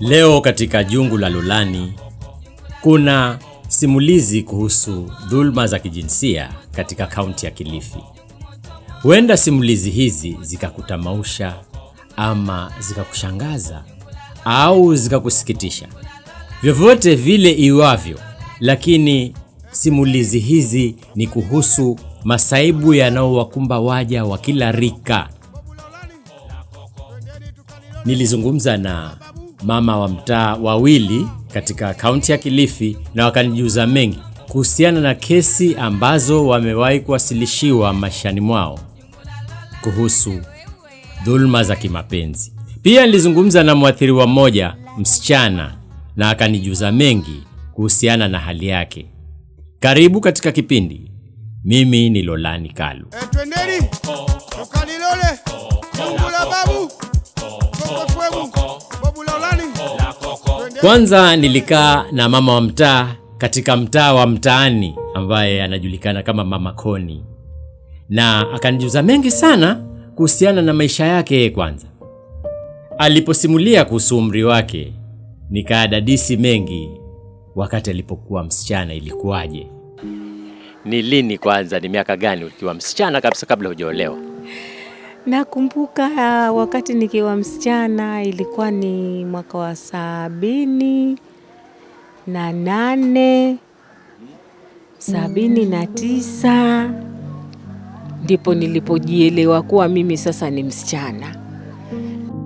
Leo katika Jungu la Lolani kuna simulizi kuhusu dhulma za kijinsia katika kaunti ya Kilifi. Huenda simulizi hizi zikakutamausha ama zikakushangaza au zikakusikitisha, vyovyote vile iwavyo, lakini simulizi hizi ni kuhusu masaibu yanaowakumba waja wa kila rika. Nilizungumza na mama wa mtaa wawili katika kaunti ya Kilifi na wakanijuza mengi kuhusiana na kesi ambazo wamewahi kuwasilishiwa maishani mwao kuhusu dhuluma za kimapenzi. Pia nilizungumza na mwathiriwa mmoja msichana na akanijuza mengi kuhusiana na hali yake. Karibu katika kipindi mimi ni Lolani Kalu. E, twendeni jungu la babu babu Lolani. Kwanza nilikaa na mama wa mtaa katika mtaa wa mtaani ambaye anajulikana kama Mama Koni, na akanijuza mengi sana kuhusiana na maisha yake. Kwanza aliposimulia kuhusu umri wake, nikaadadisi mengi wakati alipokuwa msichana, ilikuwaje ni lini kwanza, ni miaka gani ukiwa msichana kabisa kabla hujaolewa? Nakumbuka uh, wakati nikiwa msichana ilikuwa ni mwaka wa sabini na nane sabini na tisa ndipo nilipojielewa kuwa mimi sasa ni msichana.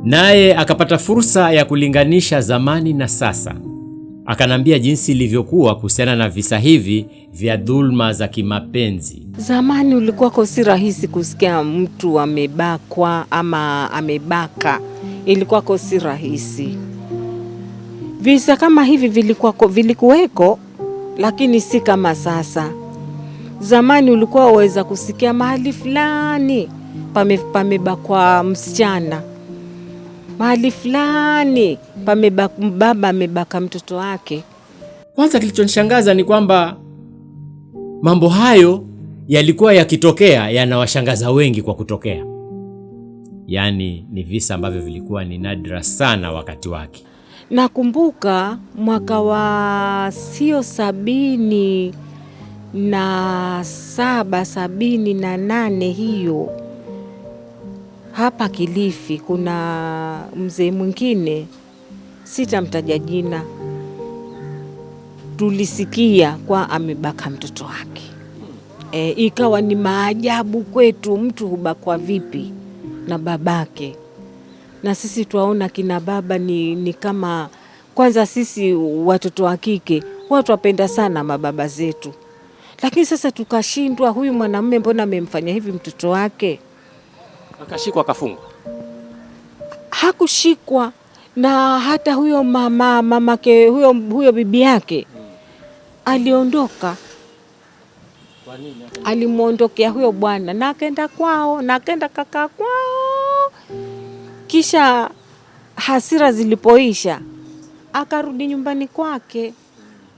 Naye akapata fursa ya kulinganisha zamani na sasa. Akanambia jinsi ilivyokuwa kuhusiana na visa hivi vya dhulma za kimapenzi. Zamani ulikuwako si rahisi kusikia mtu amebakwa ama amebaka, ilikuwako si rahisi. Visa kama hivi vilikuwako, vilikuweko, lakini si kama sasa. Zamani ulikuwa waweza kusikia mahali fulani pame, pamebakwa msichana mahali fulani baba amebaka mtoto wake. Kwanza kilichonishangaza ni kwamba mambo hayo yalikuwa yakitokea yanawashangaza wengi kwa kutokea, yaani ni visa ambavyo vilikuwa ni nadra sana wakati wake. Nakumbuka mwaka wa sio sabini na saba sabini na nane hiyo hapa Kilifi kuna mzee mwingine, sitamtaja jina, tulisikia kwa amebaka mtoto wake e, ikawa ni maajabu kwetu, mtu hubakwa vipi na babake? Na sisi twaona kina baba ni, ni kama kwanza, sisi watoto wa kike watu wapenda sana mababa zetu, lakini sasa tukashindwa, huyu mwanamume mbona amemfanya hivi mtoto wake? Akashikwa akafungwa? Hakushikwa na hata huyo mama mamake huyo, huyo bibi yake hmm. Aliondoka, alimwondokea huyo bwana na akaenda kwao na akaenda kakaa kwao. Kisha hasira zilipoisha akarudi nyumbani kwake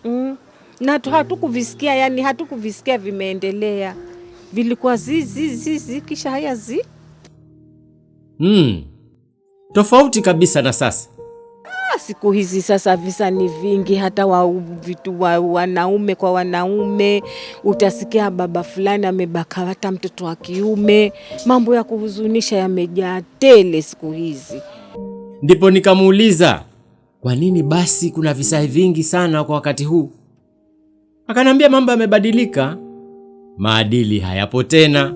mm. Na hatukuvisikia yani, hatukuvisikia vimeendelea, vilikuwa zi, kisha haya zi Mm. Tofauti kabisa na sasa. Ah, siku hizi sasa visa ni vingi, hata wa vitu wa, wanaume kwa wanaume, utasikia baba fulani amebaka hata mtoto wa kiume. Mambo ya kuhuzunisha yamejaa tele siku hizi. Ndipo nikamuuliza kwa nini basi kuna visa vingi sana kwa wakati huu? Akanambia mambo yamebadilika, maadili hayapo tena,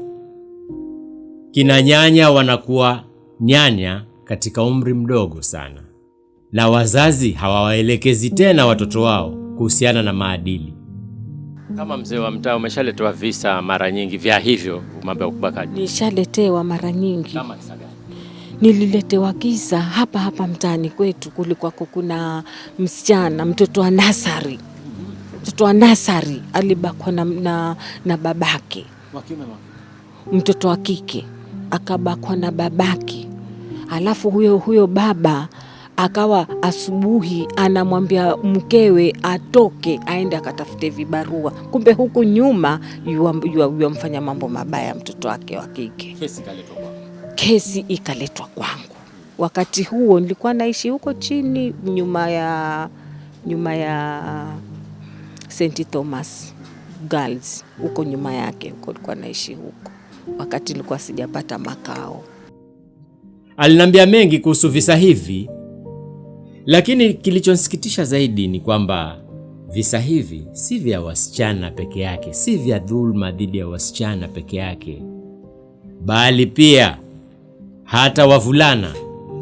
kina nyanya wanakuwa nyanya katika umri mdogo sana, na wazazi hawawaelekezi tena watoto wao kuhusiana na maadili. Kama mzee wa mtaa, umeshaletewa visa mara nyingi vya hivyo mambo ya kubakaji? Nishaletewa mara nyingi. Kama Nililetewa kisa hapa hapa mtaani kwetu, kulikwako kuna msichana, mtoto wa nasari, mtoto wa nasari alibakwa na, na, na babake, mtoto wa kike akabakwa na babake Alafu huyo huyo baba akawa asubuhi anamwambia mkewe atoke aende akatafute vibarua, kumbe huku nyuma yuwamfanya mambo mabaya mtoto wake wa kike. Kesi ikaletwa kwangu. Wakati huo nilikuwa naishi huko chini nyuma ya nyuma ya St Thomas Girls, huko nyuma yake huko nilikuwa naishi huko, wakati nilikuwa sijapata makao. Aliniambia mengi kuhusu visa hivi, lakini kilichonisikitisha zaidi ni kwamba visa hivi si vya wasichana peke yake, si vya dhulma dhidi ya wasichana peke yake, bali pia hata wavulana.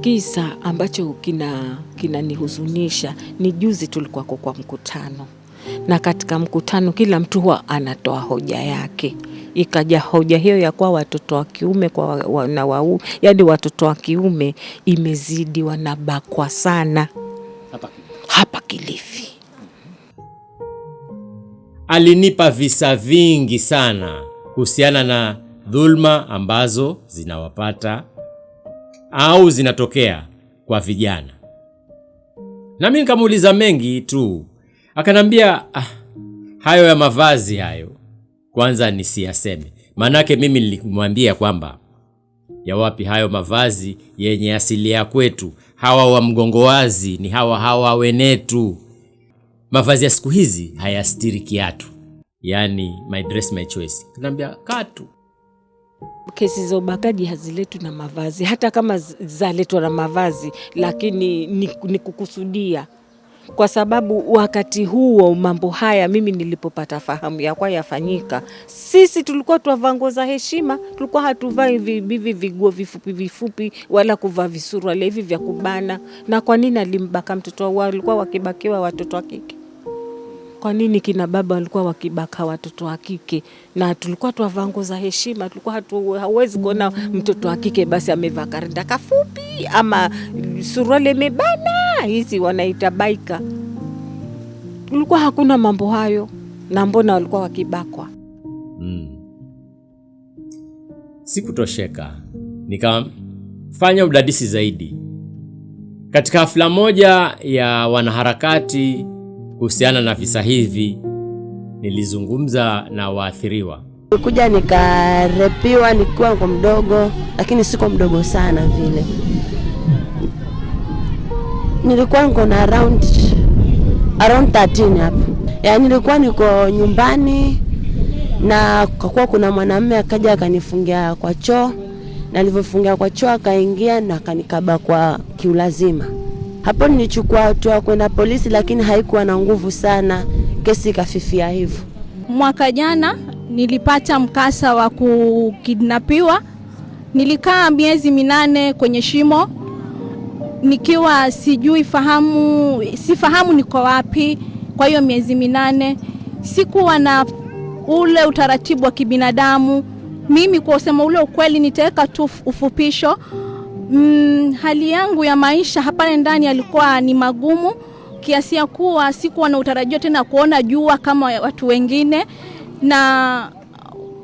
Kisa ambacho kina kinanihuzunisha ni juzi tulikuwako kwa mkutano, na katika mkutano kila mtu huwa anatoa hoja yake ikaja hoja hiyo ya kuwa watoto wa kiume kwa wa, na wau, yani watoto wa kiume imezidi, wanabakwa sana hapa, hapa Kilifi. Alinipa visa vingi sana kuhusiana na dhulma ambazo zinawapata au zinatokea kwa vijana, nami nikamuuliza mengi tu, akanambia ah, hayo ya mavazi hayo kwanza nisiyaseme, maanake mimi nilimwambia kwamba ya wapi hayo mavazi yenye asili ya kwetu, hawa wa mgongo wazi ni hawa hawa wenetu. Mavazi ya siku hizi hayastiri kiatu, yani my dress my choice. Naambia katu Kesi za ubakaji haziletwi na mavazi, hata kama zaletwa na mavazi, lakini ni, ni kukusudia kwa sababu wakati huo mambo haya mimi nilipopata fahamu yakwa yafanyika, sisi tulikuwa twavaa nguo za heshima, tulikuwa hatuvaa hivi viguo vifupi vifupi wala kuvaa visurwala hivi vya kubana. Na kwa nini alimbaka mtoto wao? Walikuwa wakibakiwa watoto wa kike. Kwa nini kina baba walikuwa wakibaka watoto wa kike? Na tulikuwa twavaa nguo za heshima, tulikuwa hatu, hawezi kuona mtoto wa kike basi amevaa karinda kafupi ama suruali imebana hizi wanaita baika. Kulikuwa hakuna mambo hayo, na mbona walikuwa wakibakwa? Mm. Sikutosheka, nikafanya udadisi zaidi katika hafla moja ya wanaharakati kuhusiana na visa hivi. Nilizungumza na waathiriwa kuja, nikarepiwa nikiwa niko mdogo, lakini siko mdogo sana vile nilikuwa niko na around around 13 hapa. Yaani nilikuwa niko nyumbani na kakuwa kuna mwanamume akaja akanifungia kwa choo, na alivyofungia kwa choo akaingia na akanikaba kwa kiulazima. Hapo nilichukua hatua kwenda polisi, lakini haikuwa na nguvu sana, kesi ikafifia hivyo. Mwaka jana nilipata mkasa wa kukidnapiwa, nilikaa miezi minane kwenye shimo nikiwa sijui fahamu, sifahamu niko wapi. Kwa hiyo miezi minane sikuwa na ule utaratibu wa kibinadamu. Mimi kwa usema ule ukweli, nitaweka tu ufupisho mm, hali yangu ya maisha hapa ndani yalikuwa ni magumu kiasi ya kuwa sikuwa na utarajio tena kuona jua kama watu wengine na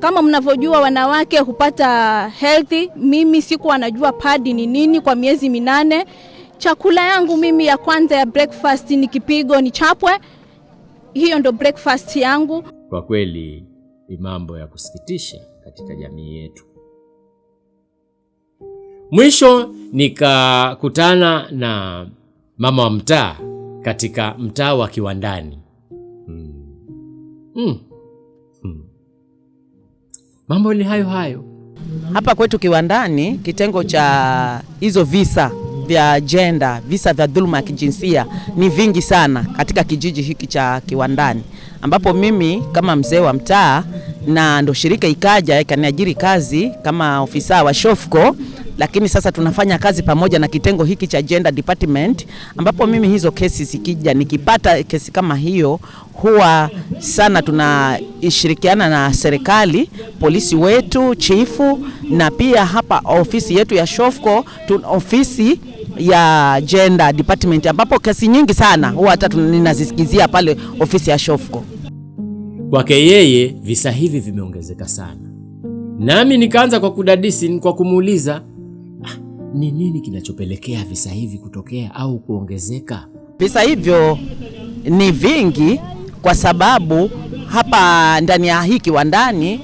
kama mnavyojua wanawake hupata healthy. Mimi sikuwa najua padi ni nini kwa miezi minane. Chakula yangu mimi ya kwanza ya breakfast ni kipigo, ni chapwe. Hiyo ndo breakfast yangu. Kwa kweli ni mambo ya kusikitisha katika jamii yetu. Mwisho nikakutana na mama wa mtaa katika mtaa wa Kiwandani. hmm. Hmm. Hmm mambo ni hayo hayo. Hapa kwetu kiwandani, kitengo cha hizo visa vya jenda, visa vya dhuluma ya kijinsia ni vingi sana katika kijiji hiki cha Kiwandani, ambapo mimi kama mzee wa mtaa na ndo shirika ikaja ikaniajiri kazi kama ofisa wa Shofco lakini sasa tunafanya kazi pamoja na kitengo hiki cha gender department, ambapo mimi hizo kesi zikija, nikipata kesi kama hiyo, huwa sana tunashirikiana na serikali, polisi wetu, chifu na pia hapa ofisi yetu ya Shofco tuna ofisi ya gender department, ambapo kesi nyingi sana huwa hata ninazisikizia pale ofisi ya Shofco. Kwake yeye visa hivi vimeongezeka sana, nami nikaanza kwa kudadisi, kwa kumuuliza ni nini kinachopelekea visa hivi kutokea au kuongezeka? Visa hivyo ni vingi kwa sababu hapa ndani ya hiki kiwandani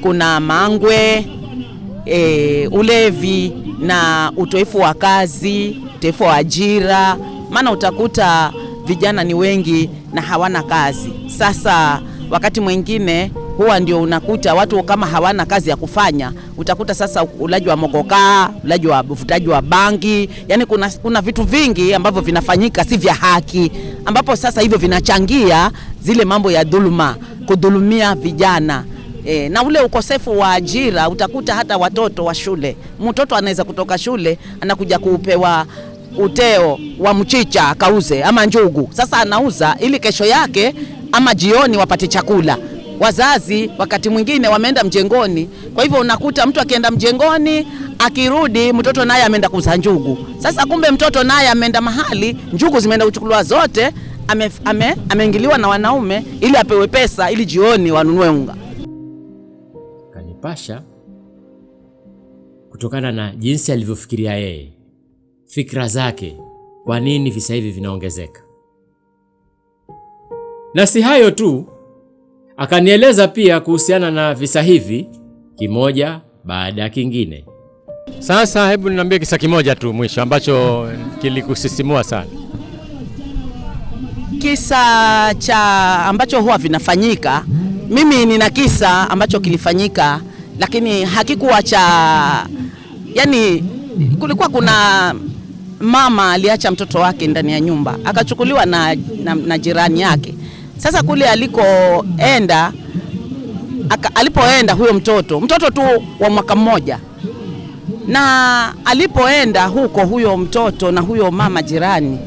kuna mangwe e, ulevi na utoefu wa kazi, utoefu wa ajira. Maana utakuta vijana ni wengi na hawana kazi. Sasa wakati mwingine huwa ndio unakuta watu kama hawana kazi ya kufanya, utakuta sasa ulaji wa mogoka, ulaji wa uvutaji wa bangi, yani kuna, kuna vitu vingi ambavyo vinafanyika si vya haki, ambapo sasa hivyo vinachangia zile mambo ya dhuluma, kudhulumia vijana. E, na ule ukosefu wa ajira utakuta hata watoto wa shule, mtoto anaweza kutoka shule anakuja kupewa uteo wa mchicha akauze ama njugu, sasa anauza ili kesho yake ama jioni wapate chakula wazazi wakati mwingine wameenda mjengoni. Kwa hivyo unakuta mtu akienda mjengoni akirudi mtoto naye ameenda kuza njugu. Sasa kumbe mtoto naye ameenda mahali njugu zimeenda kuchukuliwa zote, ameingiliwa ame na wanaume ili apewe pesa ili jioni wanunue unga. Kanipasha kutokana na jinsi alivyofikiria yeye, fikra zake, kwa nini visa hivi vinaongezeka. Na si hayo tu Akanieleza pia kuhusiana na visa hivi kimoja baada ya kingine. Sasa hebu niambie kisa kimoja tu mwisho ambacho kilikusisimua sana. Kisa cha ambacho huwa vinafanyika, mimi nina kisa ambacho kilifanyika, lakini hakikuwa cha yani, kulikuwa kuna mama aliacha mtoto wake ndani ya nyumba akachukuliwa na, na, na jirani yake sasa kule alikoenda alipoenda huyo mtoto mtoto tu wa mwaka mmoja, na alipoenda huko huyo mtoto na huyo mama jirani,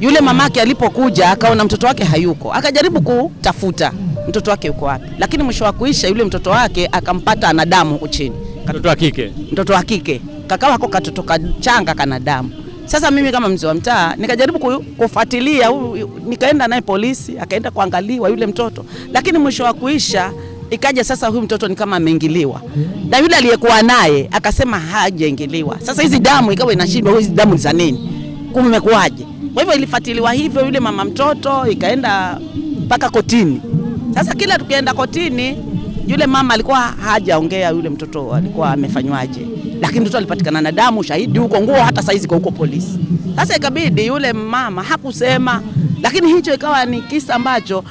yule mamake alipokuja akaona mtoto wake hayuko, akajaribu kutafuta mtoto wake yuko wapi, lakini mwisho wa kuisha yule mtoto wake akampata ana damu huko chini, mtoto wa kike, mtoto wa kike, kakawa hako katoto kachanga kana damu sasa mimi kama mzee wa mtaa nikajaribu kufuatilia, nikaenda naye polisi, akaenda kuangaliwa yule mtoto, lakini mwisho wa kuisha ikaja sasa, huyu mtoto ni kama ameingiliwa na yule aliyekuwa naye akasema hajaingiliwa. Sasa hizi damu ikawa inashindwa, hizi damu za nini? Kumekuaje? Kwa hivyo ilifuatiliwa hivyo, yule mama mtoto ikaenda mpaka kotini. Sasa kila tukienda kotini yule mama alikuwa hajaongea yule mtoto alikuwa amefanywaje, lakini mtoto alipatikana na damu, shahidi huko, nguo hata saizi kwa huko polisi. Sasa ikabidi yule mama hakusema, lakini hicho ikawa ni kisa ambacho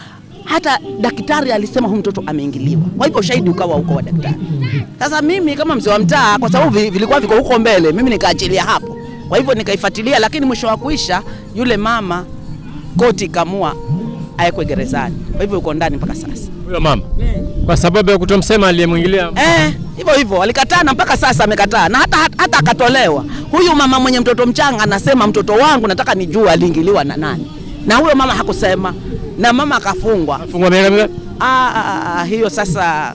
hata daktari alisema huyu mtoto ameingiliwa, kwa hivyo ushahidi ukawa huko wa daktari. Sasa mimi kama mzee wa mtaa, kwa sababu vilikuwa viko huko mbele, mimi nikaachilia hapo, kwa hivyo nikaifuatilia, lakini mwisho wa kuisha yule mama koti kamua awekwe gerezani, kwa hivyo uko ndani mpaka sasa huyo mama kwa sababu ya kutomsema aliyemwingilia eh, hivyo eh, hivyo alikataa na mpaka sasa amekataa na hata, hata akatolewa. Huyu mama mwenye mtoto mchanga anasema mtoto wangu nataka nijua aliingiliwa na nani, na huyo mama hakusema, na mama akafungwa. Afungwa miaka mingapi? Ah, ah, ah, ah hiyo sasa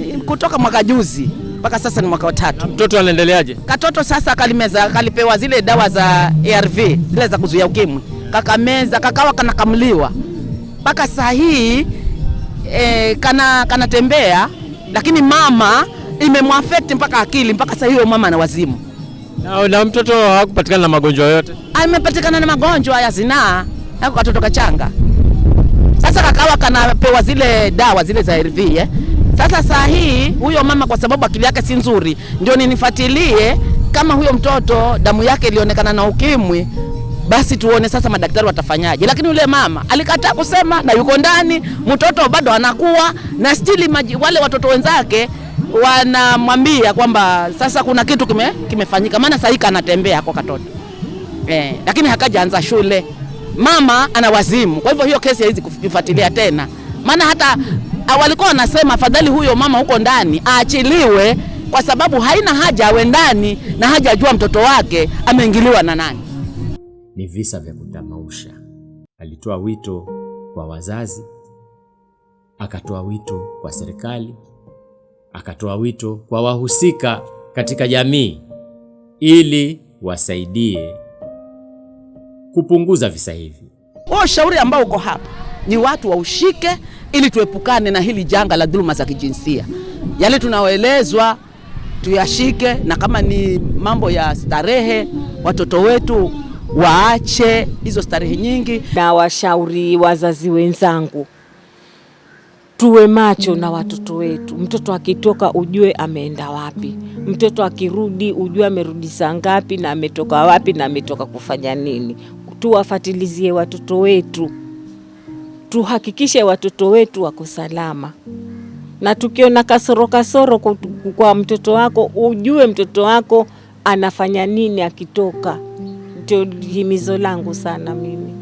eh, kutoka mwaka juzi mpaka sasa ni mwaka watatu. Mtoto anaendeleaje? Katoto sasa kalimeza, kalipewa zile dawa za ARV zile za kuzuia ukimwi, kakameza kakawa kanakamliwa mpaka saa hii e, kana kanatembea, lakini mama imemwafekti mpaka akili, mpaka sasa hiyo mama na wazimu. Na, na mtoto hakupatikana na magonjwa yote, amepatikana ah, na magonjwa ya zinaa, ako katoto kachanga. Sasa kakawa kanapewa zile dawa zile za ARV eh? Sasa saa hii huyo mama kwa sababu akili yake si nzuri, ndio ninifuatilie kama huyo mtoto damu yake ilionekana na ukimwi basi tuone sasa madaktari watafanyaje. Lakini yule mama alikataa kusema na yuko ndani, mtoto bado anakuwa na stili maji, wale watoto wenzake wanamwambia kwamba sasa kuna kitu kime, kimefanyika, maana saika anatembea kwa katoto eh, lakini hakajaanza shule. Mama ana wazimu, kwa hivyo hiyo kesi haizi kufuatilia tena, maana hata walikuwa wanasema afadhali huyo mama huko ndani aachiliwe, kwa sababu haina haja awe ndani na haja ajua mtoto wake ameingiliwa na nani ni visa vya kutamausha. Alitoa wito kwa wazazi, akatoa wito kwa serikali, akatoa wito kwa wahusika katika jamii ili wasaidie kupunguza visa hivi. Ushauri ambao uko hapa ni watu waushike, ili tuepukane na hili janga la dhuluma za kijinsia. Yale tunaoelezwa tuyashike, na kama ni mambo ya starehe, watoto wetu waache hizo starehe nyingi. Na washauri wazazi wenzangu, tuwe macho na watoto wetu. Mtoto akitoka ujue ameenda wapi, mtoto akirudi ujue amerudi saa ngapi na ametoka wapi na ametoka kufanya nini. Tuwafatilizie watoto wetu, tuhakikishe watoto wetu wako salama na tukiona kasoro kasoro kwa mtoto wako, ujue mtoto wako anafanya nini akitoka ndio himizo langu sana mimi.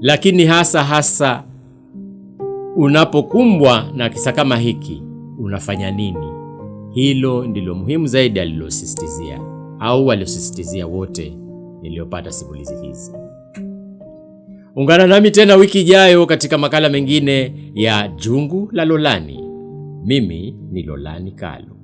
Lakini hasa hasa unapokumbwa na kisa kama hiki unafanya nini? Hilo ndilo muhimu zaidi alilosisitizia au waliosisitizia wote niliyopata simulizi hizi. Ungana nami tena wiki ijayo katika makala mengine ya Jungu la Lolani. Mimi ni Lolani Kalu.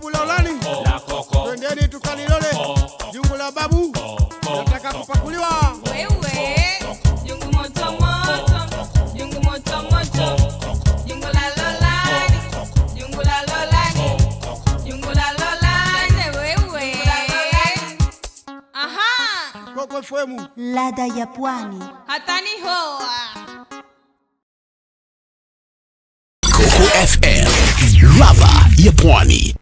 Bulaulani, oh, oh. twendeni tukalilole oh, jungu la babu, nataka kupakuliwa Ladha ya Pwani. Hatani hoa. Coco FM, ladha ya Pwani.